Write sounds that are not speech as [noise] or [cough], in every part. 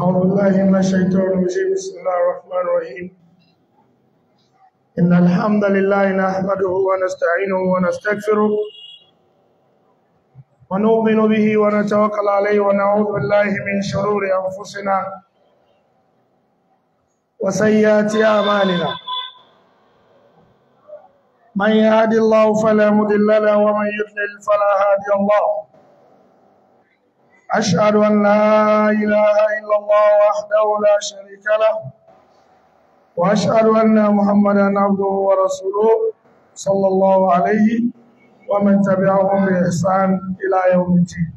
أعوذ بالله من الشيطان الرجيم بسم الله الرحمن الرحيم إن الحمد لله نحمده ونستعينه ونستغفره ونؤمن به ونتوكل عليه ونعوذ بالله من شرور أنفسنا وسيئات أعمالنا من يهد الله فلا مضل له ومن يضلل فلا هادي الله أشهد أن لا إله إلا الله وحده لا شريك له وأشهد أن محمدا عبده ورسوله صلى الله عليه ومن تبعهم بإحسان إلى يوم الدين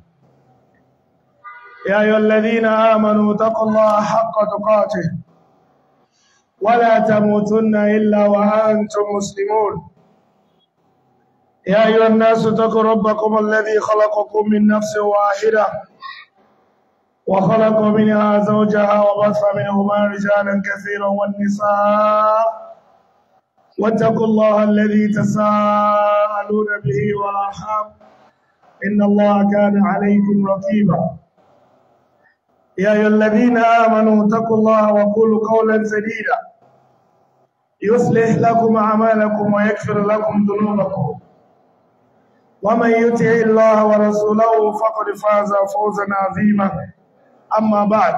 يا أيها الذين آمنوا اتقوا الله حق تقاته ولا تموتن إلا وأنتم مسلمون يا أيها الناس اتقوا ربكم الذي خلقكم من نفس واحدة وخلق منها زوجها وبث منهما رجالا كثيرا والنساء واتقوا الله الذي تساءلون به والارحام ان الله كان عليكم رقيبا يا ايها الذين امنوا اتقوا الله وقولوا قولا سديدا يصلح لكم اعمالكم ويغفر لكم ذنوبكم ومن يطع الله ورسوله فقد فاز فوزا عظيما أما بعد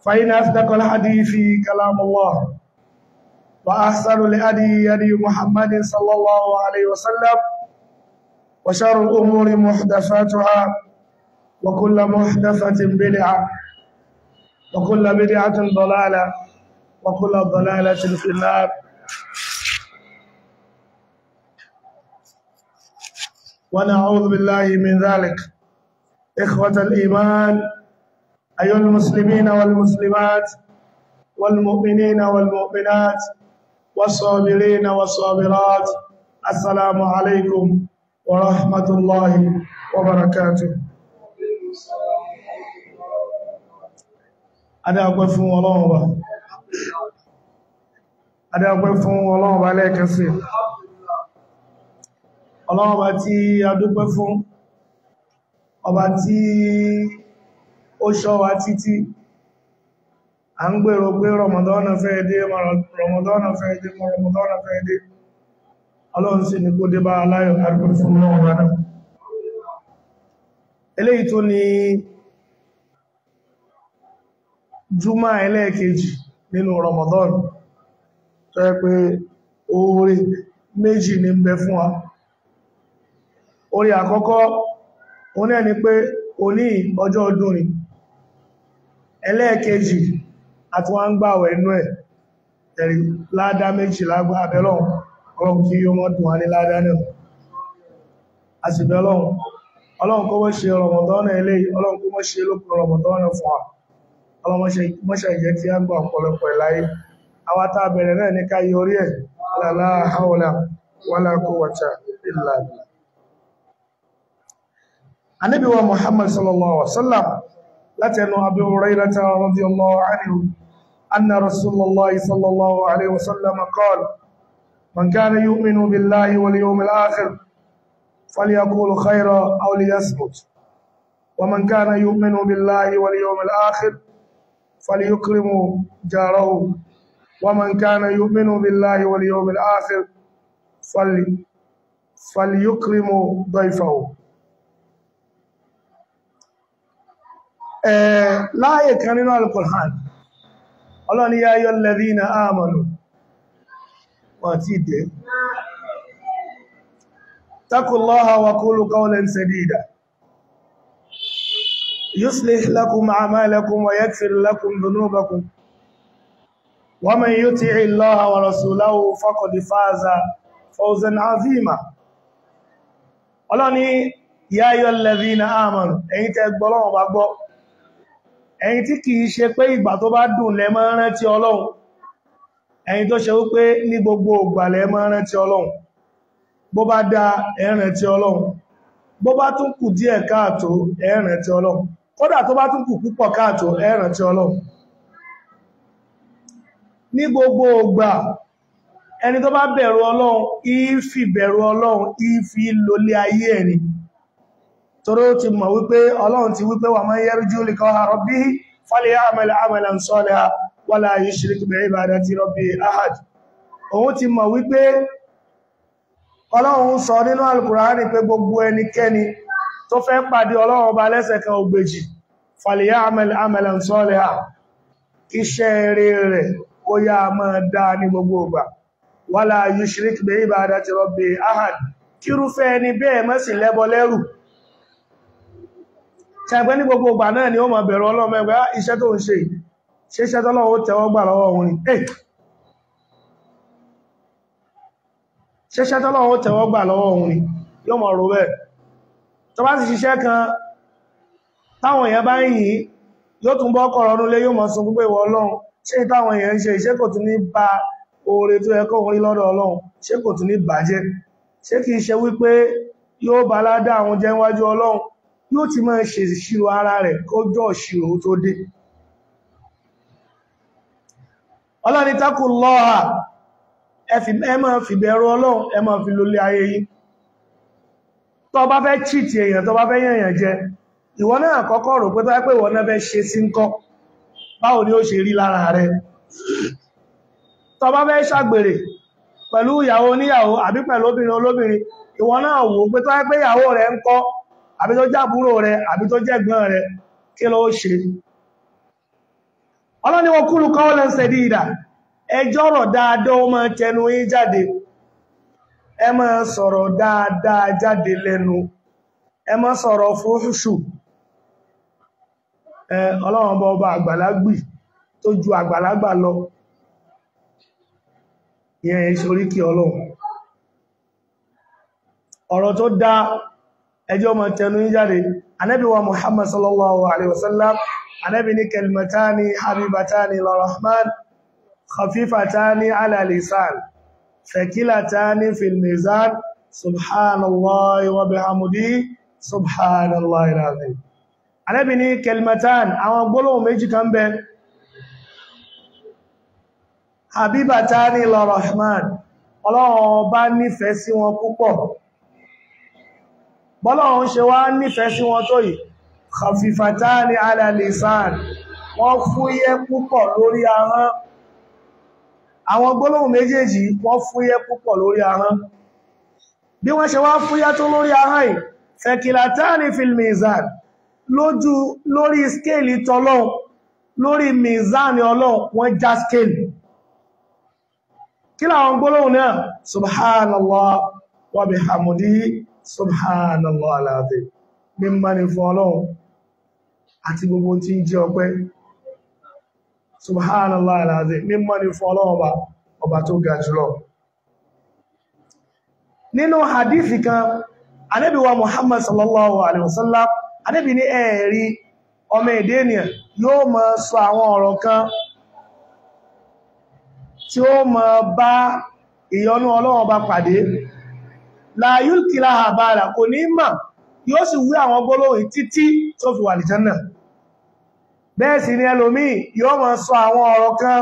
فإن أصدق الحديث كلام الله وأحسن الهدي يدي محمد صلى الله عليه وسلم وشر الأمور محدثاتها وكل محدثة بدعة وكل بدعة ضلالة وكل ضلالة في النار ونعوذ بالله من ذلك إخوة الإيمان أيها المسلمين والمسلمات والمؤمنين والمؤمنات والصابرين والصابرات السلام عليكم ورحمة الله وبركاته adáàpẹ́ fún ọlọ́run wa adáàpẹ́ fún ọlọ́run wa lẹ́ẹ̀kan sí ọlọ́run wa tí a dúpẹ́ fún ọba tí O ṣọ́ wa títí a ń gbèrò pé rọmọdọ́nà fẹ́ dé rọmọdọ́nà fẹ́ dé rọmọdọ́nà fẹ́ dé ọlọ́run ni kó dé aláyọ̀ àrùkù fún náà eléyìí tó ni júmọ́ ẹlẹ́ẹ̀kejì nínú rọmọdọ́n tó yẹ pé oore méjì bẹ fún wa àkọ́kọ́ oní ẹni pé ọjọ́ ọdún ẹlẹ́ẹ̀kejì àti wọ́n ń gbàwẹ̀ inú ẹ̀ tẹ̀rí ládá méjì lágbà abẹ́lọ́run ọlọ́run kí yóò mọ́ dùn wá ní ládá náà a sì na ọlọ́run kó mọ́ ṣe rọmọdọ́nà ilé ọlọ́run kó mọ́ ṣe lókun fún wa ọlọ́run ìjẹ́ gbà ọ̀pọ̀lọpọ̀ ìláyé a náà illa Muhammad sallallahu alaihi لتنو أبي هريرة رضي الله عنه أن رسول الله صلى الله عليه وسلم قال من كان يؤمن بالله واليوم الآخر فليقول خيرا أو ليصمت ومن كان يؤمن بالله واليوم الآخر فليكرم جاره ومن كان يؤمن بالله واليوم الآخر فليكرم ضيفه Eh, láàyè kan nínú al-Qur'an ọlọ́ni ya ayyuhal ladhina amanu wọ́n ti dẹ̀ taqullaha wa qulu qawlan sadida yuslih lakum a'malakum wa yaghfir lakum dhunubakum wa man yuti'i Allaha wa rasulahu faqad faza fawzan 'azima ọlọ́ni ẹ̀yin tí kìí ṣe pé ìgbà tó bá dùn lẹ máa ń rántí ọlọ́run ẹ̀yin tó ṣe wípé ní gbogbo ìgbà lẹ máa ń rántí ọlọ́run bó bá dá ẹ rántí ọlọ́run bó bá tún kù díẹ̀ káàtó ẹ rántí ọlọ́run kódà tó bá tún kù púpọ̀ káàtó ẹ rántí ọlọ́run ní gbogbo ìgbà ẹni tó bá bẹ̀rù ọlọ́run ìfì bẹ̀rù ọlọ́run ìfì lólé ayé ẹni toró ti mọ̀ wípé ọlọ́run ti wípé wà mọ́ yarju liqa'a rabbihi falyamal amalan salihan wala yushrik bi'ibadati rabbihi ahad òun ti mọ̀ wípé ọlọ́run sọ nínú alkùránì pé gbogbo ẹnikẹ́ni tó fẹ́ pàdé ọlọ́run ọba lẹ́sẹ̀ kan ògbèjì falyamal amalan salihan iṣẹ́ rere rẹ̀ kó yá máa dáa ní gbogbo ìgbà wala yushrik ẹni bẹ́ẹ̀ mọ́ lẹ́bọ lẹ́rù ṣẹgbẹ́ ní gbogbo ìgbà náà ni ó ma bẹ̀rù ọlọ́mọ ẹgbẹ́ ah, iṣẹ́ tó ń ṣe ṣeṣẹ́ tọ́lọ́wọ́ tẹ́wọ́ gbà lọ́wọ́ òun ni ṣeṣẹ́ tọ́lọ́wọ́ tẹ́wọ́ gbà lọ́wọ́ òun ni yóò mọ̀ rò bẹ́ẹ̀ tó bá sì ṣiṣẹ́ kan táwọn èèyàn bá ń yìí yóò tún bọ́ kọ̀rọ̀ ọdún yóò mọ̀ sun púpẹ̀ ìwọ ọlọ́run ṣé táwọn èèyàn ń ṣe iṣẹ́ kò tún ní ba oore tó yẹ kó orí lọ́dọ̀ ọlọ́run ṣé kò tún ní bàjẹ́ ṣé kìí ṣe wípé yóò bá ládá àwọn jẹ́ níwájú ọlọ́run yóò ti máa ṣe ìṣirò ara rẹ̀ kọjọ́ ìṣirò tó dé ọlọ́ni takò lọ́ha ẹ máa fìbẹ̀rù ọlọ́run ẹ máa fi lólé ayé yìí tó bá fẹ́ chìtì èèyàn tó bá fẹ́ yẹ̀yàn jẹ ìwọ náà kọ́kọ́ rò pé tó pé ìwọ náà fẹ́ ṣe sí ń kọ́ báwo ni ó àbí tó jábúrò rẹ̀ àbí tó jẹ́ jẹ́gbọ́n rẹ̀ kí ló ṣe ọlọ́ni wọn kúrù kọ́ọ̀lẹ̀ sẹ̀dídà ẹjọ́ ọ̀rọ̀ dáadáa ó máa tẹnu yín jáde ẹ máa sọ̀rọ̀ dáadáa jáde lẹ́nu ẹ máa sọ̀rọ̀ fúrúṣù ọlọ́run bá ọba àgbàlagbì tó ju àgbàlagbà lọ ìyẹn ìṣoríkì ọlọ́run ọ̀rọ̀ tó dáa ẹjọ́ mọ̀ tẹnu jáde Ànábì wa Muhammad sallallahu alaihi wasallam Ànábì ní kalimatani habibatani lirahman khafifatani ala lisan thaqilatani fil mizan subhanallahi wa bihamdihi subhanallahi alazim Ànábì ní kalimatani àwọn gbólóhùn méjì kan bẹ habibatani lirahman Ọlọ́run ọba nífẹ̀ẹ́ sí wọn púpọ̀ bọ́lọ́run ṣe wá nífẹ̀ẹ́ sí wọn tó yìí khafifatani ala lisan wọ́n fúyẹ́ púpọ̀ lórí ahọ́n àwọn gbólóhùn méjèèjì wọ́n fúyẹ́ púpọ̀ lórí ahọ́n bí wọ́n ṣe wá fúyẹ́ tó lórí ahọ́n yìí fẹ̀kìlátani fil mizan lójú lórí skéèlì tọ́lọ́hun lórí mizan ọlọ́hun wọ́n já skéèlì kí láwọn gbólóhùn náà subhanallah wa bihamdihi subhanallah alazim ní mmani fún ọlọ́run àti gbogbo tí ń ọpẹ́ subhanallah ní ọba ọba tó ga jùlọ nínú hadithi kan wa muhammad sallallahu alaihi wasallam Ànábì ní ẹ̀ẹ̀rí ọmọ èdè yóò kan tí ó máa bá ìyọ́nú ọlọ́run ọba pàdé láàyùl kìlá àbára kò ní mà yóò sì wí àwọn gbólóhùn títí tó fi wà ní jẹ́nà bẹ́ẹ̀ sì ni ẹlòmíì yóò máa sọ àwọn ọ̀rọ̀ kan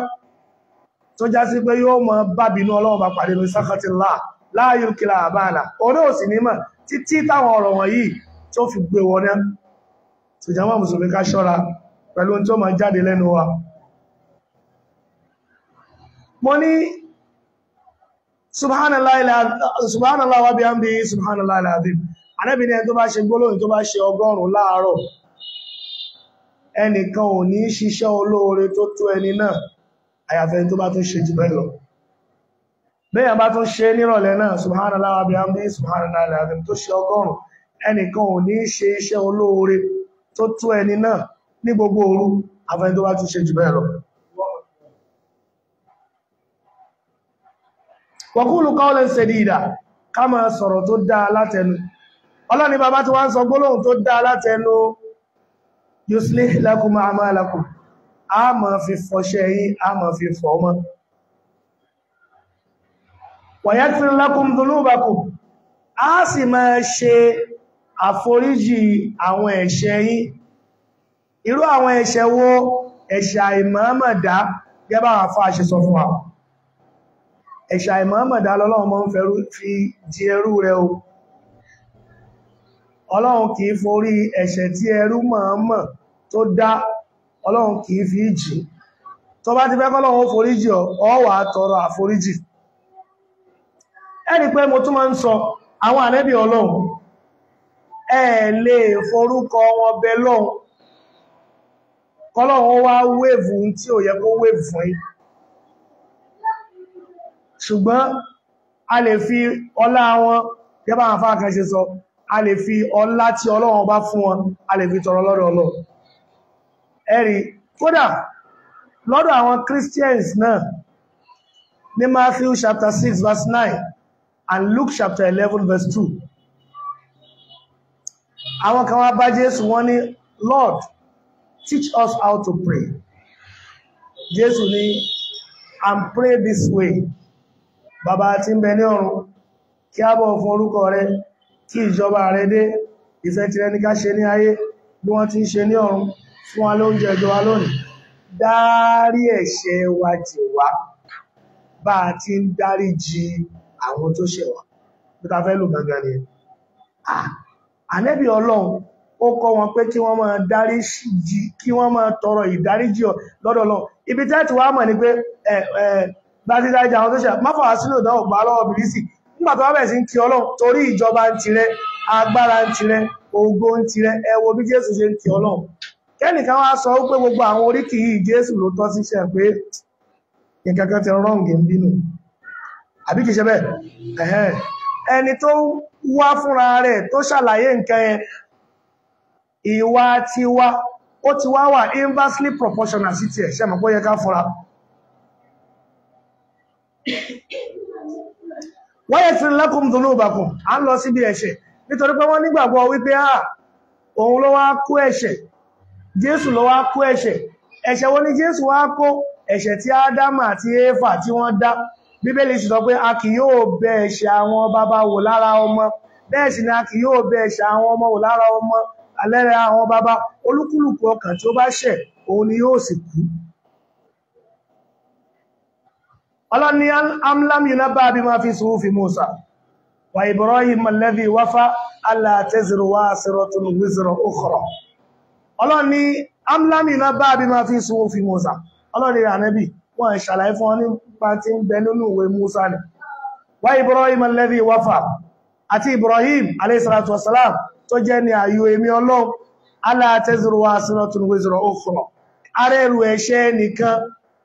tó já sí pé yóò máa bábinú ọlọ́run bá pàdé lórí sákàtìlá láàyùl kìlá àbára orí òsì ní mà títí táwọn ọ̀rọ̀ wọ̀nyí tó fi gbé wọn wa mo subhanallah wa bihamdihi subhanallah alazim anábì ní ẹni tó bá ṣe gbólóhùn tó bá ṣe ọgọ́rùn láàárọ̀ ẹnìkan ò ní ṣiṣẹ́ olóore tó tó ẹni náà àyàfẹ́ tó bá tún ṣe jù bẹ́ẹ̀ lọ bẹ́yàn bá tún ṣe nírọ̀lẹ́ náà subhanallah wa bihamdihi subhanallah alazim tó ṣe ọgọ́rùn ẹnìkan ò ní ṣe iṣẹ́ olóore tó tó ẹni wọ̀kúlù kọ́ọ̀lẹ̀ sẹ̀dìdà ká máa sọ̀rọ̀ tó dáa látẹnu ọlọ́ni bàbá tí wọ́n ń sọ gbólóhùn tó dáa látẹnu yuslih lakum a'malakum a máa fi fọṣẹ́ yín a máa fi fọ́ mọ́ wa yaghfir lakum dhunubakum a sì máa gẹ́bà àfáà ṣe sọ fún àwọn ẹ̀ṣà ìmọ̀ọ́mọ̀dá lọ́lọ́run mọ́ ń fẹ́rú fi di ẹrú rẹ o ọlọ́run kì í forí ẹ̀ṣẹ̀ tí ẹrú mọ̀ọ́mọ̀ tó dá ọlọ́run kì í fi jì tó bá ti fẹ́ kọ́lọ́run foríjì ọ wà tọrọ àforíjì ẹni pé mo tún máa ń sọ àwọn ànẹ́bì ọlọ́run ẹ lè forúkọ wọn bẹ lọ́run kọ́lọ́run wá wéèvù tí ò yẹ kó wéèvù fún yìí ṣùgbọ́n a lè fi ọlá wọn gẹ́bà àwọn afáàkan ṣe sọ a lè fi ọlá tí Ọlọ́run bá fún wọn a lè fi tọrọ lọ́dọ̀ Ọlọ́run ẹ̀rí kódà lọ́dọ̀ àwọn Christians náà ní Matthew chapter 6 verse 9 and Luke chapter 11 verse 2 àwọn kan wá bá Jésù wọ́n ní Lord teach us how to pray Jésù ní and pray this way bàbá tí ń bẹ ní ọ̀run kí a bọ̀ fún orúkọ rẹ kí ìjọba rẹ dé ìfẹ́ tirẹ̀ ní ká ṣe ní ayé bí wọ́n ti ń ṣe ní ọ̀run fún wa lóúnjẹ ìjọ wa lónìí dárí ẹ̀ṣẹ̀ wa jì bá a ti ń dárí jì àwọn tó ṣẹ̀ wá bí ta fẹ́ lù gangan ni ànẹ́bí ọlọ́run ó kọ́ wọn pé kí wọ́n máa dárí kí wọ́n máa tọrọ ìdáríjì lọ́dọ̀ lọ ibi tẹ́ẹ̀tì wa mọ̀ ni pé láti dá ìjà àwọn tó ṣe máfà sílò dáwọ̀ gbà lọ́wọ́ bìrìsì nígbà tó wá sí ń kí ọlọ́run torí ìjọba ń tirẹ̀ agbára ń tirẹ̀ ògo ń tirẹ̀ bí jésù ṣe ń kí ọlọ́run kẹ́nìkan wá sọ pé gbogbo àwọn oríkì jésù ló tọ́ síṣẹ́ pé nǹkan kan ń inversely proportional sí wọ́n yẹ fi lẹ́kùn tó lóòbàkùn a ń lọ síbi ẹ̀ṣẹ̀ nítorí pé wọ́n nígbàgbọ́ wípé à òun ló wá kó ẹ̀ṣẹ̀ jésù ló wá kó ẹ̀ṣẹ̀ ẹ̀ṣẹ̀ wo ni jésù wá kó ẹ̀ṣẹ̀ tí ádámà àti éfà tí wọ́n dá bíbélì sì sọ pé a kì yóò bẹ ẹ̀ṣẹ̀ àwọn bàbá wò lára ọmọ bẹ́ẹ̀ sì ni a kì yóò bẹ ẹ̀ṣẹ̀ àwọn ọmọ wò lára ọmọ alẹ́rẹ̀ àwọn bàbá olúkúlùkù ọkàn tí ó bá ṣẹ̀ òun ni yóò sì kú ọlọ́ni amlam yìí náà bá bí máa fi sùúrù fi Musa wà Ibrahim alladhi wáfá alàtẹ́zìrìwá sírọtún wíṣírọ ukhra ọlọ́ni amlam yìí náà bá bí máa fi sùúrù fi Musa ọlọ́ni ànẹ́bì wọ́n ṣàlàyé fún ọní pàtí ń bẹ nínú ìwé Musa ni wà Ibrahim alladhi wáfá àti Ibrahim alayhisalatu wasalam tó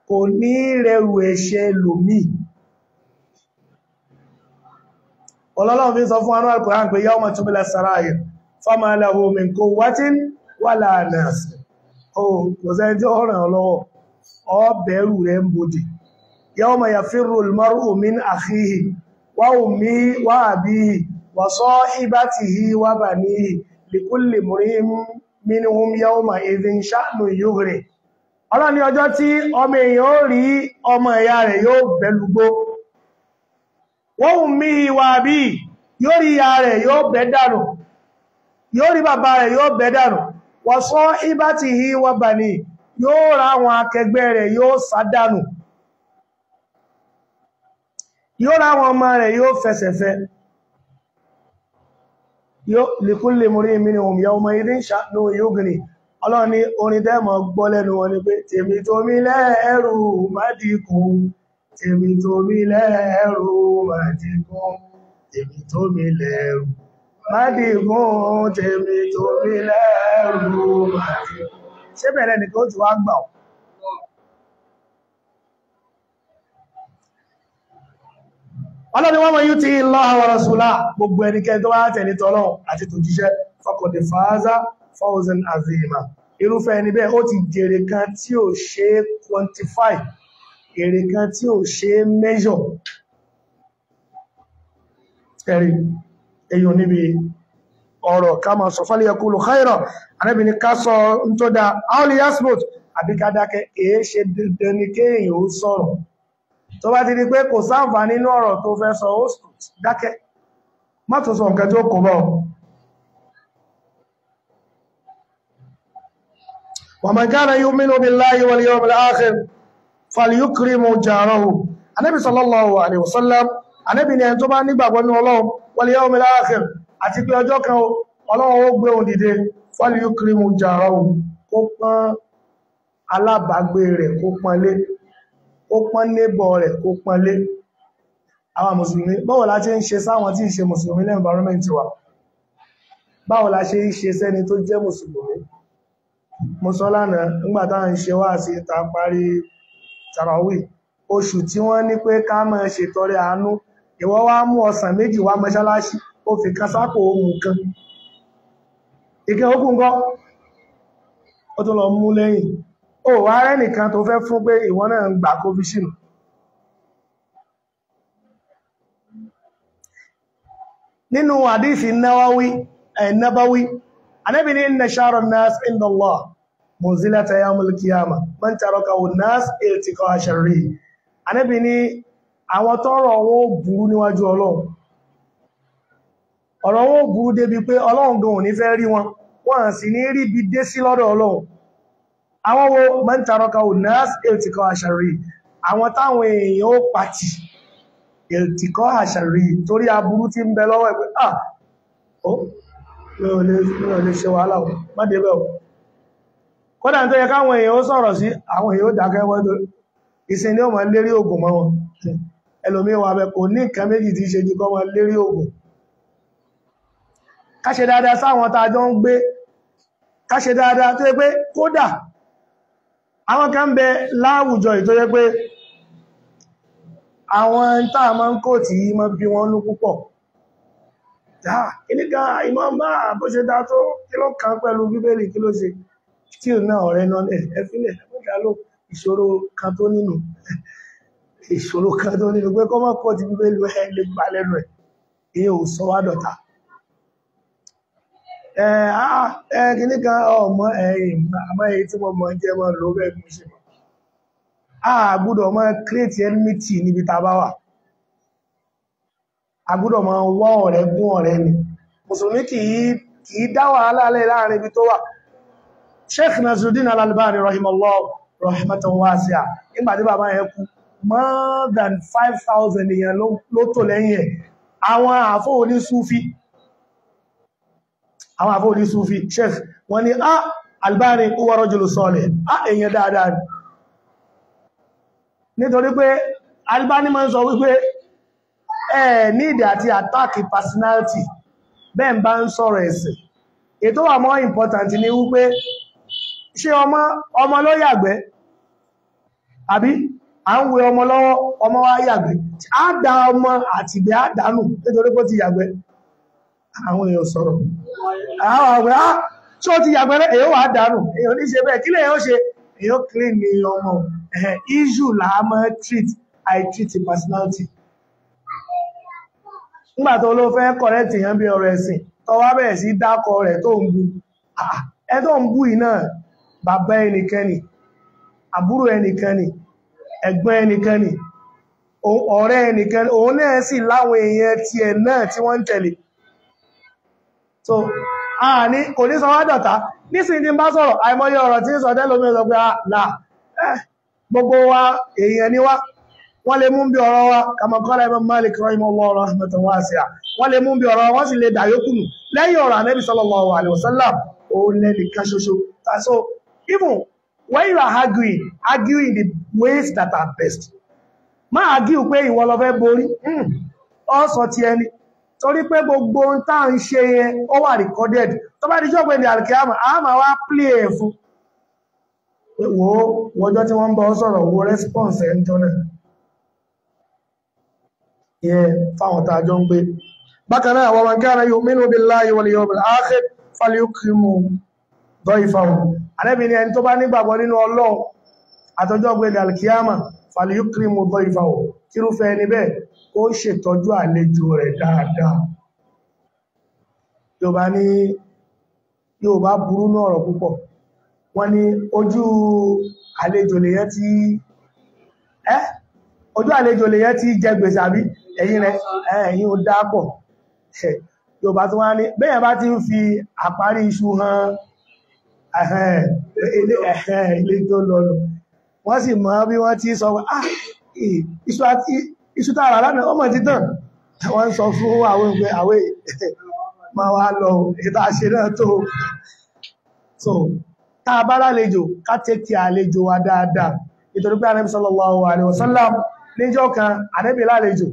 kò ní rẹrù ẹ̀ṣẹ̀ lòmí ọlọ́lọ́run fi sọ fún anú al-Qur'an pé yawma tubla sarayir fama lahu min quwwatin wala nasir o kò sẹ́ tí ó ràn lọ́wọ́ ọ bẹ̀rù rẹ̀ ń bodè yawma yafirru al idhin sha'nun yughnihi ọlọ́run ní ọjọ́ tí ọmọ èèyàn ó rí ọmọ ìyá rẹ̀ yóò bẹ̀lúgbó wọ́n hùn mí ìwà bí yóò rí ìyá rẹ̀ yóò bẹ̀ dànù yóò rí bàbá rẹ̀ yóò bẹ̀ dànù wọ́n sọ ibá ti hí wọ́n bà ní yóò ra àwọn akẹgbẹ́ rẹ̀ yóò sádànù yóò ra àwọn ọmọ rẹ̀ yóò ọlọ́run ní orin tẹ́mọ̀ gbọ́ lẹ́nu wọn ni pé tèmi tó mi lẹ́ẹ̀rù mádìkù tèmi tó mi lẹ́ẹ̀rù mádìkù tèmi tó mi lẹ́ẹ̀rù mádìkù tèmi tó mi lẹ́ẹ̀rù mádìkù ṣé bẹ̀rẹ̀ nìkan ó ti wá gbà ọ́ ọlọ́ni wọ́n mọ̀ yí ti Allah wa rasulahu gbogbo ẹnikẹ́ni tó bá tẹ̀lé tọ́lọ́ àti tòjíṣẹ́ fọkọ̀dẹ̀ fàáza fawzan azima irúfẹ́ ẹni bẹ́ẹ̀ ó ti jèrè kan tí ò ṣe é quantify èrè kan tí ò ṣe é measure ẹ̀rí èyàn níbi ọ̀rọ̀ ká máa sọ fálẹ̀ yaqulu khaira Ànábì ní ká sọ ń tó dá aoli yasmut àbí ká dákẹ́ èé ṣe dandan ní kéèyàn ó sọ̀rọ̀ tó bá ti di ومن كان يؤمن بالله واليوم الآخر فليكرم جاره النبي صلى الله عليه وسلم Ànábì ní ẹni tó bá nígbàgbọ́ ní Ọlọ́run wal yawmil akhir àti pé ọjọ́ kan Ọlọ́run ó gbé òun dìde falyukrimu jarahu kó pọ́n alábàágbé rẹ̀ kó pọ́nlé kó pọ́n nébọ̀ rẹ̀ kó pọ́nlé àwọn mùsùlùmí báwo la ṣe ń ṣe sáwọn tí ń ṣe mùsùlùmí wa báwo la ṣe ń ṣe sẹ́ni tó jẹ́ mo sọ lánàá nígbà táwọn ṣe wá sí ta parí tarawih oṣù tí wọ́n ní pé ká máa ṣètọrẹ àánú ìwọ wá mú ọsàn méjì wá mọ́ṣáláṣí ó fi kan sápò ohun kan ìkẹ́ òkú ńkọ́ ó tún lọ mú lẹ́yìn ó wá rẹ́nìkan tó fẹ́ fún pé ìwọ náà ń gbà kó nínú àdífì náwáwí ẹ̀nàbáwí Ànábì ní inna shara an-nas inda Allah munzilata yawmil qiyamah man tarakahu an-nas iltiqa'a sharri Ànábì ní àwọn tọ́rọ̀ wọn ó burú níwájú Ọlọ́run ọ̀rọ̀ wọn ó burú débi pé Ọlọ́run gan ò ní fẹ́ rí wọn wọ́n sì ní rí bí dé sí lọ́dọ̀ Ọlọ́run àwọn wo man tarakahu an-nas iltiqa'a sharri àwọn táwọn èèyàn ó pàtì iltiqa'a sharri torí aburú tí ń bẹ lọ́wọ́ ẹgbẹ́ ah oh lè ṣe wàhálà o má débẹ̀ o kódà tó yẹ káwọn èèyàn ó sọ̀rọ̀ sí àwọn èèyàn ó dákẹ́ wọ́n tó ìsìn ní ọmọ lérí ogun mọ́ wọn ẹlòmíín wà bẹ kò ní nǹkan méjì tí ṣe jù kọ́ wọn lérí ogun káṣe dáadáa sáwọn tá a jọ ń gbé káṣe dáadáa tó yẹ pé kódà kìníkà ìmọ̀ọ́mà bó ṣe dá tó kí ló kàn pẹ̀lú bíbélì kí ló ṣe still náà ọ̀rẹ́ náà ẹ fílẹ̀ ẹ̀mọ́dà ló ìṣòro kan tó nínú ìṣòro kan tó nínú pé kọ́mọ́ pọ̀ ti bíbélì ẹ lè gbà lẹ́nu ẹ̀ èyí ò sọ wá dọ̀tà ẹ kìníkà ọmọ ẹ̀yìn àmọ́ èyí tí mo mọ̀ jẹ́ mọ́ lórí ẹ̀ a gbọ́dọ̀ máa create enmity níbi tá a bá wà agbúdọ̀ máa wọ́ ọ̀rẹ́ gún ọ̀rẹ́ ni mùsùlùmí kìí dá wàhálà alẹ́ láàrin ibi tó wà sheikh nasruddin al-albani rahimahullah rahmatan wasi'a nígbàtí bàbá yẹn more than 5,000 èèyàn ló tò lẹ́yìn ẹ̀ àwọn àfó onísúfí àwọn àfó onísúfí sheikh wọ́n ni ah albani huwa rajulu salih ah èèyàn dáadáa nítorí pé albani máa ń sọ wípé ẹ̀ nídì àti àtàkì personality bẹ́ẹ̀ bá ń sọ̀rọ̀ ẹ̀sìn ètò wà mọ́ important ni wípé ṣé ọmọ ọmọ ló yàgbẹ́ àbí à ń wẹ ọmọ lọ́wọ́ ọmọ wá yàgbẹ́ á da ọmọ àtìgbẹ́ á dànù nítorí pé ó ti yàgbẹ́ àwọn èèyàn sọ̀rọ̀ àwọn àgbẹ̀ á tí ó ti yàgbẹ́ clean ni ọmọ issue là á treat i treat personality nígbà tó ló fẹ́ kọ̀rẹ́tì yẹn bí ọ̀rọ̀ ẹ̀sìn tó wá bẹ̀rẹ̀ sí dákọ rẹ̀ tó ń bu ah, ẹ tó ń bu yìí náà bàbá ni àbúrò ẹnìkẹ́ni ẹ̀gbọ́n ẹnìkẹ́ni ọ̀rẹ́ ẹnìkẹ́ni òun náà sì láwọn èèyàn tiẹ̀ náà tí wọ́n ń tẹ̀lé so a ní kò ní sọ wá dọ̀tá nísìnyí tí ń bá sọ̀rọ̀ àìmọye ọ̀rọ̀ tí ń sọ tẹ́lómi sọ pé ah, là eh, gbogbo wa èèyàn ni wá wọ́n lè mú bí ọ̀rọ̀ wa kàmọ̀kọ́lá Malik rahimahullah wasi'a wọ́n lè mú bí ọ̀rọ̀ wọ́n sì lè dàyókùnù lẹ́yìn ọ̀rọ̀ Ànábì sallallahu alaihi wasallam ó so even when you are arguing arguing the ways that are best argue pé ìwọ lọ fẹ́ borí hmm. torí pé gbogbo ohun tá ń ṣe yẹn di jọ́pẹ́ ní a yẹn fáwọn tá a jọ ń gbé bákan náà wa man kana yu'minu billahi wal yawmil akhir falyukrimu dayfahu ànábì ni ẹni tó bá nígbàgbọ́ nínú Ọlọ́run àtọjọ́ gbé dàlkíyàmà falyukrimu dayfahu kírúfẹ́ ẹni bẹ́ẹ̀ ó ṣètọ́jú àlejò rẹ̀ dáadáa yóò bá ní yóò bá burú ní ọ̀rọ̀ ti jẹ gbèsè àbí ẹ̀yìn rẹ̀ ẹ̀yìn ó dápọ̀ yóòbá tó wá ní bẹ́yàn bá ti ń fi àparí iṣu han ilé tó lọ́nà wọ́n sì mọ̀ bí wọ́n ti sọ ah, iṣu tààrà lánàá ọmọ títàn wọ́n sọ fún àwọn ìgbẹ́ àwẹ́ ma wá lọ ìta náà tó so tá a bá lálejò ká tẹ́kì àlejò wa dáadáa nítorí pé Ànábì sallallahu alaihi níjọ́ kan Ànábì lálejò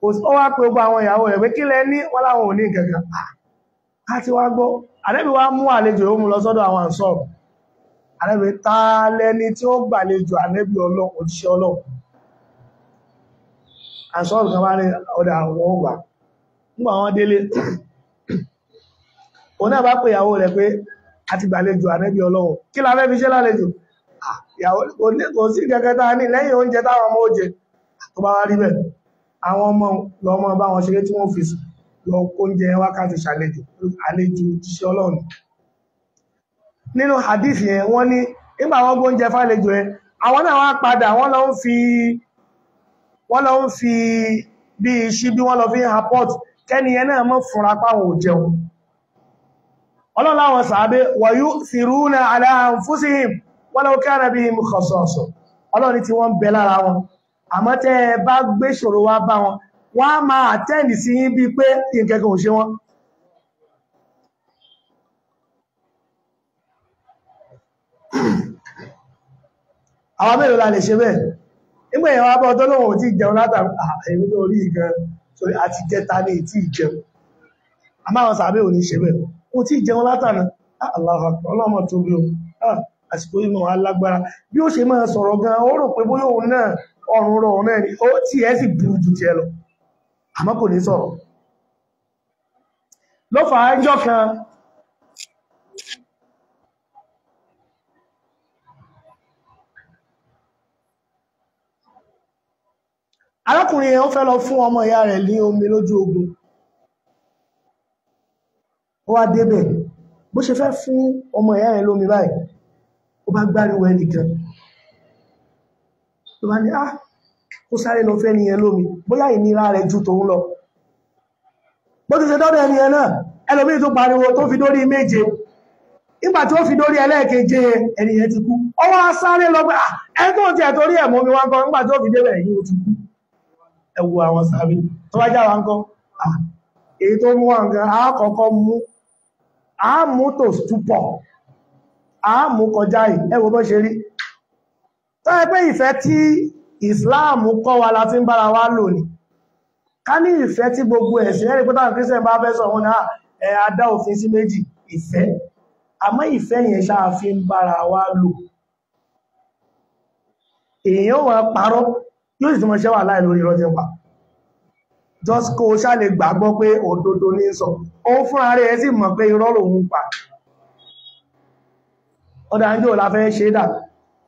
ó wá pé ogbó àwọn ìyàwó rẹ̀ pé kí lẹ ní wọ́n láwọn ò ní nǹkankan a ti wá gbọ́ ànábì wá mú àlejò ó mú lọ sọ́dọ̀ àwọn àǹsọ́ọ̀bù ànábì ta lẹni tí ó gbàlejò ànábì ọlọ́run òjíṣẹ́ ọlọ́run àǹsọ́ọ̀bù kan bá ní ọ̀dà àwọn ọgbà nígbà wọn délé [clears throat] òun náà bá pè ìyàwó rẹ̀ pé a ti a ní lẹ́yìn oúnjẹ táwọn ọmọ ó jẹ tó bá wá àwọn ọmọ lọmọ bá wọn ṣeré tí wọ́n fi lọ kóúnjẹ wákàtí ṣàlejò àlejò jíṣẹ́ ọlọ́run nínú hadith yẹn wọ́n ní nígbà wọ́n gbóúnjẹ fàlejò yẹn àwọn náà wá padà wọ́n lọ ń fi wọ́n lọ ń fi bí iṣi bí wọ́n lọ fi ń ha port kẹ́niyẹn náà mọ́ fúnra páwọn ò ọlọ́láwọn sàábé wàyú siruna ala anfusihim wọ́n bẹ lára àmọ́ tẹ́ ẹ bá gbé ṣòro wá bá wọn wọ́n á máa àtẹ́ǹdì sí yín bíi pé nǹkan kan ò ṣe wọ́n. [clears throat] àwọn mélòó la lè ṣe bẹ́ẹ̀ nígbà èèyàn abọ́ tó lóun ò tí jẹun látàrí èmi tó rí nǹkan torí àti jẹta ní ìtì jẹun àmọ́ sàbẹ̀ ò ṣe bẹ́ẹ̀ kò tí jẹun látàrí aláwọ̀ ọlọ́mọ tó bí o àsìkò ìmọ̀ alágbára bí ó ṣe máa sọ̀rọ̀ gan-an rò pé bóyá òun náà ọrùn rọrùn náà ni ó tí ẹ sì burú jù tiẹ̀ lọ àmọ́ kò ní sọ̀rọ̀ ló fà á jọ kan arákùnrin yẹn ó fẹ́ lọ fún ọmọ ìyá rẹ̀ ní omi lójú ogun ó wá débẹ̀ bó ṣe fẹ́ fún ọmọ ìyá rẹ̀ lómi báyìí ó bá gbáríwọ ẹnìkan ló bá ní ah ó sáré lọ fẹ́ nìyẹn lómi bóyá ìnira rẹ̀ ju tòun lọ bó ti ṣe dọ́dọ̀ ẹni ẹ̀ náà ẹlòmíì tó pariwo tó fi dórí méje nígbà tí ó fi dórí ẹlẹ́ẹ̀keje ẹnìyẹn ti kú ọwọ́ sáré lọ pé ah, ẹni tó ń tiẹ̀ torí ẹ̀ mọ́ mi wá ń kọ́ nígbà tí ó fi débẹ̀ yìí ó ti kú ẹ àwọn sáré tó bá já wa ń ah, èyí tó mú wọn gan á kọ́kọ́ mú á mú tò stupọ̀ á mú kọjá yìí ẹ wo bó ṣe rí tó yẹ pé ìfẹ́ tí Islam kọ́ wa la fi ń bára wa lò ní ká ní ìfẹ́ tí gbogbo ẹ̀sìn ẹ̀rí pé táwọn Christian bá fẹ́ sọ wọn náà ah, ẹ̀ adá òfin sí méjì ìfẹ́ àmọ́ ìfẹ́ yẹn ṣáà fi ń bára wa lò èèyàn wọ́n parọ́ yóò sì tún mọ́ láì lórí ìrọ́jẹ́ pa just kó ṣá gbàgbọ́ pé òdodo ní sọ ó fún ara ẹ̀ sì mọ̀ pé irọ́ lòun pa ọ̀dà ń jò la fẹ́ ṣe dà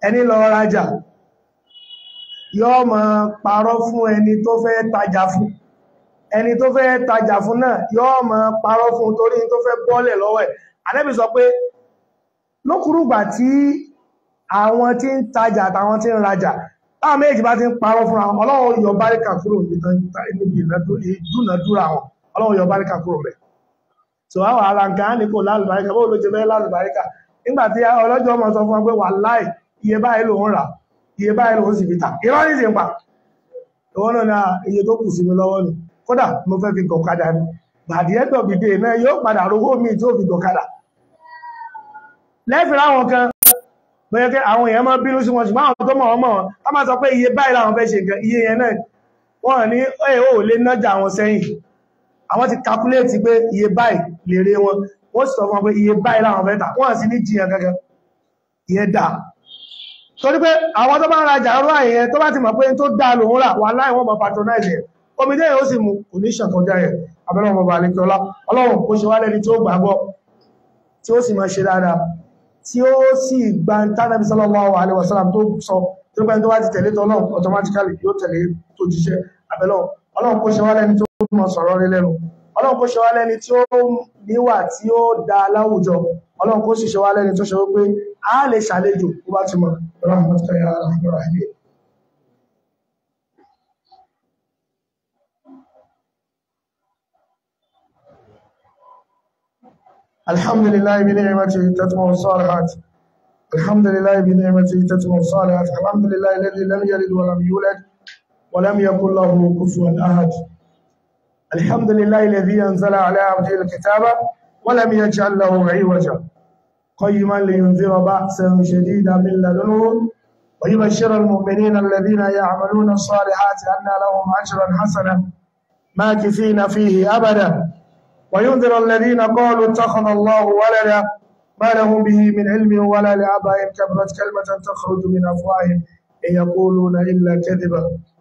ẹni lọ rajà yọ́ ma parọ́ fún ẹni tó fẹ́ tajà fún ẹni tó fẹ́ tajà fún náà yọ́ ma parọ́ fún torí tó fẹ́ bọ́lẹ̀ lọ́wọ́ ẹ̀ Ànábì sọ pé lókùrùgbà tí àwọn tí ń tajà àtàwọn tí ń rajà táwọn méjì bá ti ń parọ́ fúnra wọn Ọlọ́run yọ báríkà kúrò ìdúnàdúrà wọn Ọlọ́run yọ báríkà kúrò rẹ̀ so àwọn ara nǹkan á ní kò lálùbáríkà bó ló jẹ bẹ́ẹ̀ lálùbáríkà nígbà tí ọlọ́jọ́ ọmọ sọ fún wọn pé wàláì iye báyìí lòun rà iye báyìí lòun sì fi tà irọ́ ní ìsìnpa ìwọ́n náà na iye tó kù sí mi lọ́wọ́ ni kódà mo fẹ́ fi gọ̀kadà ni bàdí ẹ̀dọ̀ bìdé náà yóò padà rówó mi tí ó fi gọ̀kadà lẹ́fìrà àwọn kan bẹ́ẹ̀ pé àwọn èèyàn máa bínú sí wọn ṣùgbọ́n àwọn tó mọ̀ wọn wọn a máa sọ pé iye báyìí làwọn fẹ́ ṣe nǹkan iye yẹn náà wọ́n ní ẹ̀ ò lè nájà wọn sẹ́yìn àwọn ti calculate pé iye báyìí lèrè wọn wọ́n sì sọ fún wọn pé iye báyìí làwọn fẹ́ tà wọ́n sì ní jiyàn kankan ìyẹn dáa torí pé àwọn tó bá ń rajà ọrọ̀ àyẹn tó bá ti mọ̀ pé tó dá lòun rà wà láì wọ́n mọ̀ patronize ẹ̀ omi dẹ́yìn ó sì mú kò ní ṣàkọjá ẹ̀ abẹ́rẹ́ ọmọ balẹ̀ kí ọlá ọlọ́run kó ṣe wá lẹ́ni tí ó gbàgbọ́ tí ó automatically yóò tẹ̀lé tó jíṣẹ́ abẹ́lọ́run ọlọ́run kó ṣe wá lẹ́ni tó mọ̀ sọ̀rọ̀ rí níwà tí ó da láwùjọ ọlọ́run kó sì ṣe wá lẹ́ni tó ṣe wípé a lè ṣàlejò kó bá ti mọ̀ rahmatulah rahmatulah الحمد لله بنعمته تتم الصالحات الحمد لله بنعمته تتم الصالحات الحمد لله الذي لم يلد ولم يولد ولم يكن له كفوا احد الحمد لله الذي انزل على عبده الكتاب ولم يجعل له عوجا قيما لينذر بأسا شديدا من لدنه ويبشر المؤمنين الذين يعملون الصالحات أن لهم أجرا حسنا ماكثين فيه أبدا وينذر الذين قالوا اتخذ الله ولدا ما لهم به من علم ولا لآبائهم كبرت كلمة تخرج من أفواههم إن يقولون إلا كذبا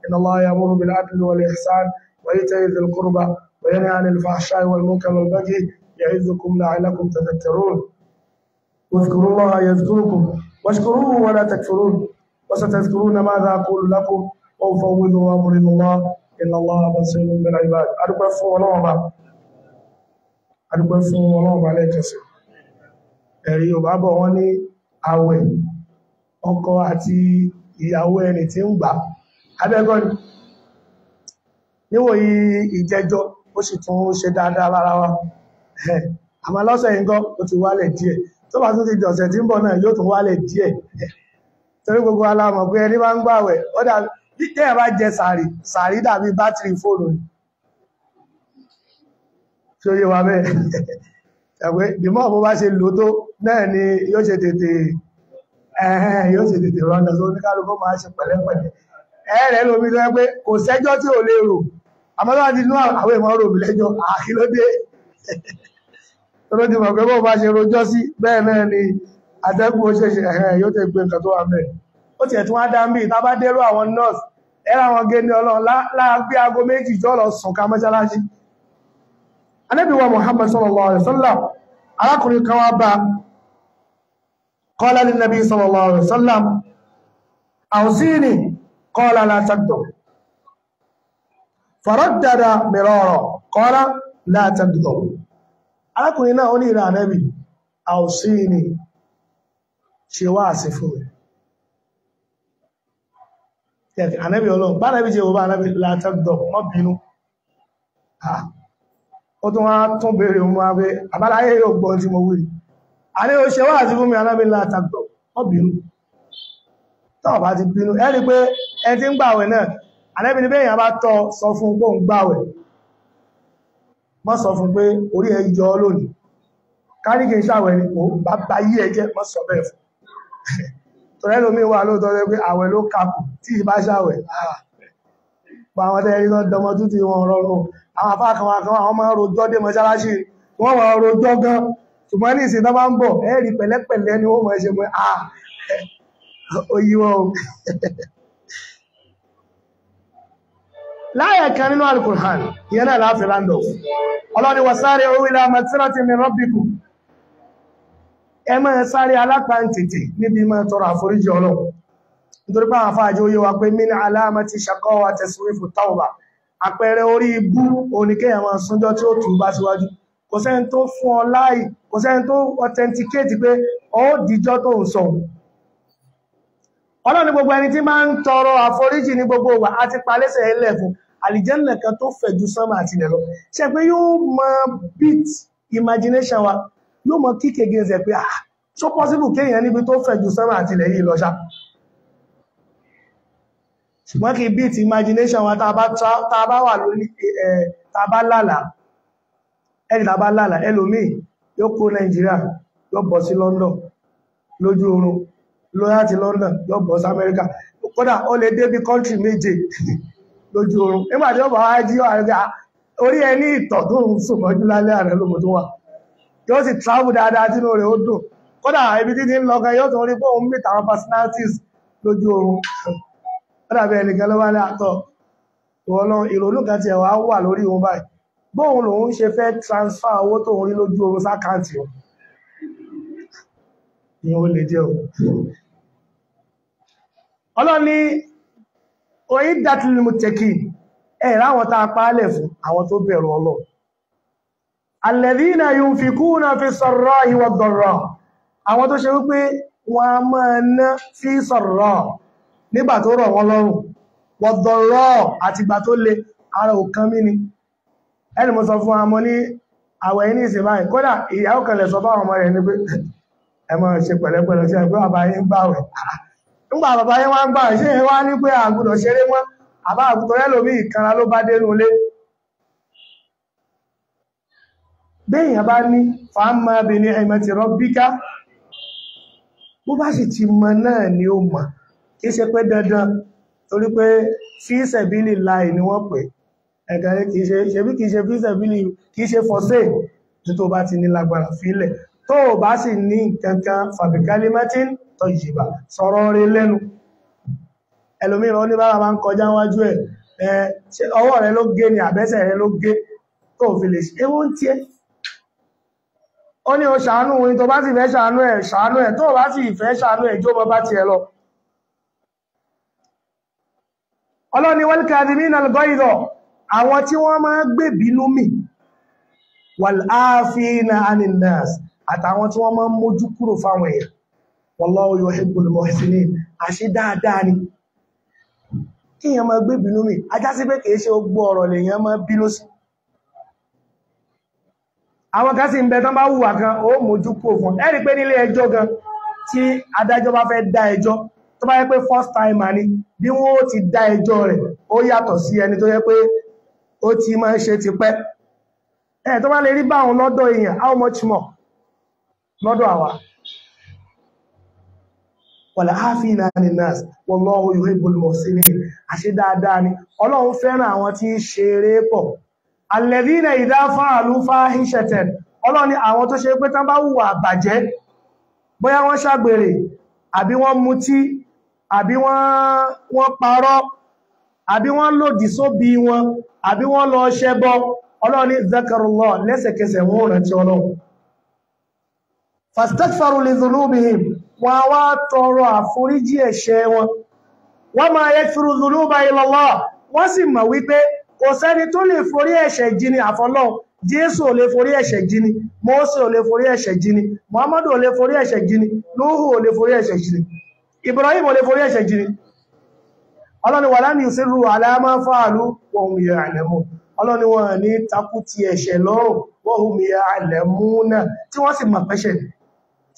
إن الله يأمر بالعدل والإحسان وإيتاء ذي القربى وينهى عن الفحشاء والمنكر والبغي يعزكم لعلكم تذكرون واذكروا الله يذكركم واشكروه ولا تكفرون وستذكرون ماذا أقول لكم وأفوض أمر الله إن الله بصير بالعباد أدوكم فún Ọlọ́run ba أدوكم fún Ọlọ́run ba lẹ́kẹsì ẹ̀rí Yorùbá bọ̀ wọ́n ní àwẹ̀ ọkọ àti ìyàwó ẹni tí ń gbà abẹ́gọ́ ni níwòyí àmọ́ lọ́sẹ̀ yìí nǹkan ó ti wálẹ̀ díẹ̀ tó bá tún ti dọ̀sẹ̀ tí ń bọ̀ náà yóò tún wálẹ̀ díẹ̀ torí gbogbo wa pé ẹni ma ń gbàwẹ̀ ó dà jẹ dàbí bátìrì fóònù ni tí ó yé wa bẹ́ẹ̀ ẹ̀wẹ́ bó bá ni yóò ṣe tètè yóò ṣe tètè máa ṣe pẹ̀lẹ́pẹ̀lẹ́ lómi pé kò sẹ́jọ́ tí ò lè rò àmọ́ inú rò mí lẹ́jọ́ àkílódé lójú mọ̀ pé bọ́ọ̀ bá ṣe rojọ́ sí bẹ́ẹ̀ náà ni àtẹ́gùn ó ṣẹ̀ṣẹ̀ ẹ̀hẹ́ yóò tẹ́ gbé nǹkan tó wà mẹ́ ó tiẹ̀ tí wọ́n dá ń bí tá bá dérò àwọn nọ́ọ̀sì ẹ̀rọ àwọn gẹ́ni ọlọ́run láàgbé aago méjì jọ lọ sùn ká mọ́ṣáláṣí Ànábì wa Muhammad sallallahu alaihi wasallam arákùnrin kan wá bá qala lin nabi sallallahu alaihi wasallam awsini qala la takdub faraddada látàgbìtọ̀ arákùnrin náà ó ní ìrà Ànábì àòsí ni ṣe wá àsìn fún rẹ̀ Ànábì ọlọ́run bá Ànábì jẹ́ ọba Ànábì látàgbìtọ̀ mọ́ bínú ó tún wá tún bèèrè ohun wá pé àbáláyé yóò gbọ́ tí mo wí àní ó ṣe wá àsìn fún mi Ànábì látàgbìtọ̀ mọ́ bínú tọ́ bá ti bínú ẹ́ rí pé ẹ ti ń gbàwẹ̀ náà Ànábì ní bá tọ́ sọ fún gbóhùn gbàwẹ̀ má sọ fún pé orí ẹ yọ lónìí kárí kìí ṣàwẹ̀ ni kò bá bá yí ẹ jẹ́ má sọ bẹ́ẹ̀ fún tọ́rẹ́ lómi wà lóòótọ́ pé àwẹ̀ ló kakù tí ì bá ṣàwẹ̀ pa àwọn tẹ́rí náà dọmọ tún ti wọn rọrùn àwọn afá kan wọn kan àwọn máa rojọ́ dé mọ́ṣáláṣí wọ́n máa rojọ́ gan ṣùgbọ́n ní ìsìn tó bá ń bọ̀ ẹ́ẹ̀rí pẹ̀lẹ́pẹ̀lẹ́ ni wọ́n mọ̀ ṣe mọ́ à ó yí wọn o láyà kan nínú alukur'an ìyẹn náà láàfin landau ọlọ́ni wà sáré owó ilá matirati min rabbikum ẹ máa sáré alápàntètè níbi máa tọrọ àforíjì ọlọ́run nítorí pé àwọn afáàjò yóò wá pé min alamati shaqawa taswifu tauba àpẹẹrẹ orí ibú oníkẹyàn máa súnjọ tí ó tù bá síwájú kò sẹ́ni tó fún ọ láì kò sẹ́ni tó authenticate pé ọlọ́ni gbogbo ẹni tí máa ń tọrọ àforíjì ní gbogbo wa àti palẹ́sẹ̀ ẹlẹ́ fún àlìjẹ́nà kan tó fẹ̀ ju sánmà àti ilẹ̀ lọ ṣe pé yóò mọ beat imagination wa yóò mọ kíkè gẹ̀ẹ́sẹ̀ pé ah so possible kéèyàn níbi tó fẹ̀ ju sánmà àti ilẹ̀ yìí lọ ṣùgbọ́n kí beat imagination wa tá a bá wà lórí tá a bá lálàá ẹni tá a bá lálàá ẹlòmíì yóò kó Nàìjíríà yóò bọ̀ sí London lójú oorun lọ láti London yóò bọ́ sí Amẹ́ríkà kódà ó lè débi kọ́ńtì méje [laughs] lójú oorun nígbà tí ó bá wá jí ah, orí ẹ ní ìtọ̀ tó ń sùn mọ́jú lálẹ́ ààrẹ lómo tó wà yóò sì travel dáadáa tínú rẹ̀ ó dùn kódà ibi títí ń lọ gan yóò tún rí pé òun meet àwọn personalities lójú oorun kódà bí ẹnìkan ló wá ní àtọ̀ ìwọ lọ ìrònú kan tiẹ̀ wá wà lórí òun báyìí bóun lòun ṣe fẹ́ transfer owó tóun rí lójú oorun sákàǹtì o ìyẹn ó lè jẹ́ o ọlọ́run ní oyin dátìlì mùtẹ̀kì ẹ̀rá àwọn tá a pàálẹ̀ fún àwọn tó bẹ̀rù ọlọ́run alladhina yunfikuna fi sarra'i wa dharra àwọn tó ṣe wípé wọn a máa ná fi sarra nígbà tó rọ̀ wọ́n lọ́rùn wa dharra àtìgbà tó le ara òkan mí ni ẹni mo sọ fún àmọ́ ní àwẹ̀ ní ìsìn kódà ìyàwó kan sọ fáwọn ọmọ rẹ̀ ní pé ẹ [laughs] nígbà bàbá yẹn wá ń gbà ṣe wá ní pé àgùdọ̀ ṣeré wọn àbá àgùdọ̀ yẹn ìkanra ló bá dénú ilé béèyàn bá ní fàámà bíká bó bá sì ti mọ náà ni ó ma kí í ṣe pé torí pé láì ni wọ́n pè kì í ṣe kì í ṣe tó bá sì ní kankan fàbíkálímẹ́tín tó yìíbà sọ̀rọ̀ rí lẹ́nu ẹlòmíràn ní bára máa ń kọjá wájú ẹ̀ ṣé ọwọ́ rẹ ló gé ni àbẹ́sẹ̀ rẹ ló gé tó fi lè ṣe wọ́n tí ẹ́ ó ní o ṣàánú orin tó bá sì fẹ́ ṣàánú ẹ̀ ṣàánú ẹ̀ tó bá sì fẹ́ ṣàánú ẹ̀ jó bá ti ẹ̀ lọ ọlọ́ni wọ́n máa àtàwọn tí wọ́n máa ń mójú kúrò fáwọn èèyàn wallahu yuhibbul muhsinin àṣẹ dáadáa ni kíyàn máa gbé bínú mi ajá sí pé kìí ṣe ogbó ọ̀rọ̀ lèyàn máa bínú sí àwọn kan sì ń bẹ tán bá hùwà kan ó mójú kúrò fún ẹ rí pé nílé ẹjọ́ gan tí adájọ́ bá fẹ́ dá ẹjọ́ tó bá yẹ pé first time ni bí wọ́n ó ti dá ẹjọ́ rẹ̀ ó yàtọ̀ sí ẹni tó yẹ pé ó ti máa ń ṣe tipẹ́ ẹ̀ tó bá lè rí báwọn lọ́dọ̀ èèyàn how much more lọ́dọ̀ awa, wàlá áfíìnà ní nas wallahu yuhibbul muhsinin àṣẹ dáadáa ni ọlọ́run fẹ́ràn àwọn tí ṣeré pọ̀ alladhina idha fa'alu fahishatan ọlọ́run àwọn tó ṣe pé tán bá hùwà bàjẹ́ bóyá wọ́n ṣàgbèrè àbí wọ́n mutí àbí wọ́n parọ́ àbí wọ́n lòdì sóbi wọn àbí wọ́n lọ ṣẹbọ ọlọ́run zakarullah lẹ́sẹ̀kẹsẹ̀ wọ́n rántí ọlọ́run fàstẹ́fàrù lè zùlúbìhìm wọ́n a wá tọrọ àforíjì ẹ̀ṣẹ̀ wọn wọ́n máa yẹ fìrù zùlúbà ilallah wọ́n sì mọ̀ wípé kò sẹ́ni tó lè forí ẹ̀ṣẹ̀ jini àfọlọ́ jésù ò lè forí ẹ̀ṣẹ̀ jini mọ́ọ́sì ò lè forí ẹ̀ṣẹ̀ jini muhammadu ò lè forí ẹ̀ṣẹ̀ jini lóhù ò lè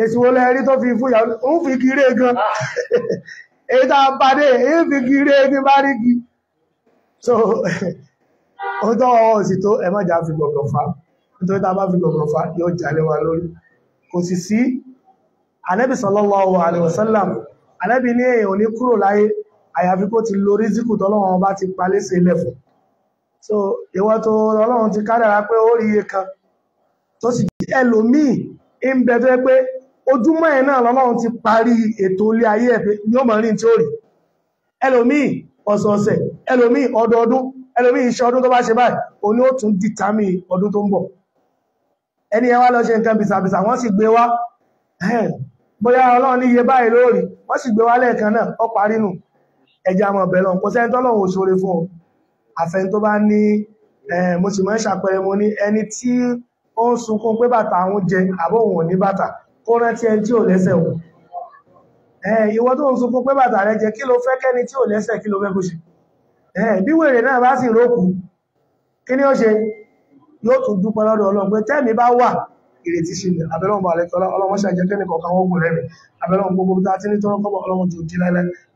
èsì wo lẹ́rí tó fi fún ìyàwó òun fi kiri gan ah. [laughs] èyí tá a padé èyí fi kiri ní bá rí gi so ó tọ́ ọwọ́ òsì tó ẹ má jà fi gbọ̀ngàn fa nítorí tá a bá fi gbọ̀ngàn fa yóò jalè wa lórí kò sì sí Ànábì sallallahu alaihi wasallam Ànábì ní èèyàn ní kúrò láyé àyàfi kó ti lo rízíkù tọ́lọ́wọ́n bá ti palé sí ilẹ̀ fún so ìwọ́n tó Ọlọ́run ti kádàrá pé ó rí iye kan tó sì ẹlòmíì ń bẹ tó pé ojúmọ́ ẹ̀ náà lọ́lọ́run ti parí ètò ilé ayé ẹ̀fẹ́ ni ó mọ̀rin tí ó rí ẹlòmíì ọ̀sọ̀ọ̀sẹ̀ ẹlòmíì ọdọọdún ẹlòmíì iṣẹ́ ọdún tó bá ṣe báyìí o ní ó tún dìtàmì ọdún tó ń bọ̀ ẹni ẹ wá lọ ṣe nǹkan bìsàbìsà wọ́n sì gbé wá bóyá ọlọ́run ní iye báyìí lórí wọ́n sì gbé wá lẹ́ẹ̀kan náà ó parí nù ẹja àmọ̀ bẹ̀rẹ̀ lọ kò sẹ́ni tọ́lọ́run òṣòre fún ọ àfẹn tó bá ní mo sì mọ́ ń ṣàpẹẹrẹ mo ní ẹni tí ó ń sunkún bàtà àwọn jẹ àbóhùn ní bàtà kó rántí ẹni tí ò lẹ́sẹ̀ wọ̀ ìwọ tó ń sunkún pé bàtà rẹ jẹ kí ló fẹ́ kẹ́ni tí ò lẹ́sẹ̀ kí ló fẹ́ kó ṣe bí wèrè náà bá sì rókù kí ni ó ṣe yóò tún dúpẹ́ lọ́dọ̀ Ọlọ́run pé tẹ́mi bá wà ìrètí sí abẹ́lọ́run bá rẹ̀ abẹ́lọ́run gbogbo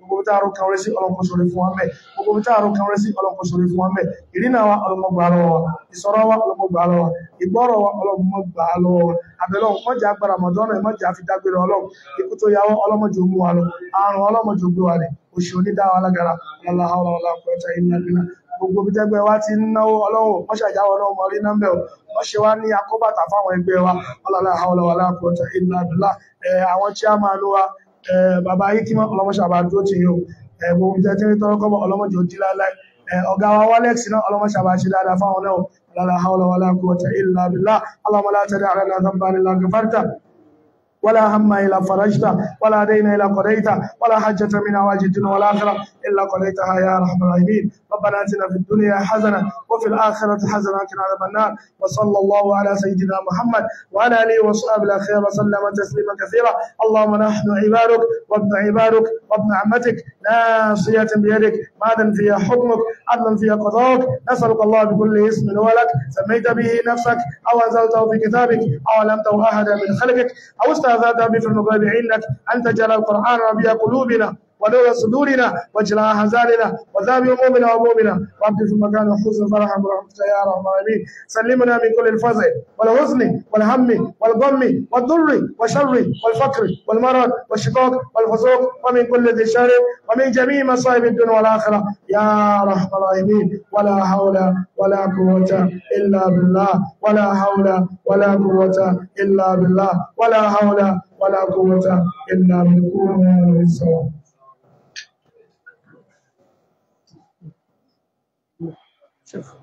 gbogbo tá àrùn kan rẹ̀ sí ọlọ́pọ̀ ṣorí fún wa mẹ́ gbogbo tá àrùn kan rẹ̀ sí ọlọ́pọ̀ ṣorí fún wa mẹ́ ìrìnà wa ọlọ́mọgbà lọ́wọ́ ìsọ̀rọ̀ wa ọlọ́mọgbà lọ́wọ́ ìgbọ́rọ̀ wa ọlọ́mọgbà lọ́wọ́ àbẹ̀lọ́ mọ́jà agbára mọ̀dọ́nà mọ́jà fi dágbére ọlọ́run ikú tó yàwó ọlọ́mọjò mú wa lọ àrùn ọlọ́mọjò gbé wa rẹ̀ oṣù onídáwà alágara aláhàwọ̀lá kọjá iná gbiná gbogbo bí tẹ́gbẹ́ wa ti náwó ọlọ́run mọ́ṣàjáwọ́ ọlọ́run mọ̀rí nọ́mbẹ̀ wọ́n ṣe wá ní akọ́bàtà fáwọn ẹgbẹ́ wa ọlọ́lá àwọn ọlọ́wọ́lá kọjá iná gbiná àwọn chairman wa bàbá yìí kí mọ́ ọlọ́mọṣà bá dúró ti yóò ẹ̀gbọ́n omi tẹ́tẹ́ ní tọ́rọ kọ́mọ ọlọ́mọjọ jí láláì ọ̀gá wa Walex náà ọlọ́mọṣà bá ṣe dáadáa fáwọn náà la hawla wala quwwata illa billah Allahumma la tada'na dhanban illa ghafarta ولا هم إلا فرجت ولا دين إلا قريت ولا حجة من حوائج ولا آخرة إلا قضيتها يا أرحم الراحمين ربنا آتنا في الدنيا حسنة وفي الآخرة حسنة على عذاب النار وصلى الله على سيدنا محمد وعلى آله وصحبه الأخير وسلم تسليما كثيرا اللهم نحن عبادك وابن عبادك وابن عمتك ناصية بيدك ماذا فيها حكمك عدلا فيها قضاءك نسألك الله بكل اسم ولك سميت به نفسك أو أنزلته في كتابك أو لم أحدا من خلقك أو موسى ذات في غير علك أن تجعل القرآن ربي قلوبنا ونور صدورنا واجعل احزاننا وذاب يومنا ومؤمنا وابد في مكان الحزن فرحا برحمتك يا رحمة الراحمين سلمنا من كل الفزع والحزن والهم والغم والضر والشر والفقر والمرض والشقاق والفسوق ومن كل ذي شر ومن جميع مصائب الدنيا والاخره يا رحمة الراحمين ولا حول ولا قوه الا بالله ولا حول ولا قوه الا بالله ولا حول ولا قوه الا بالله C'est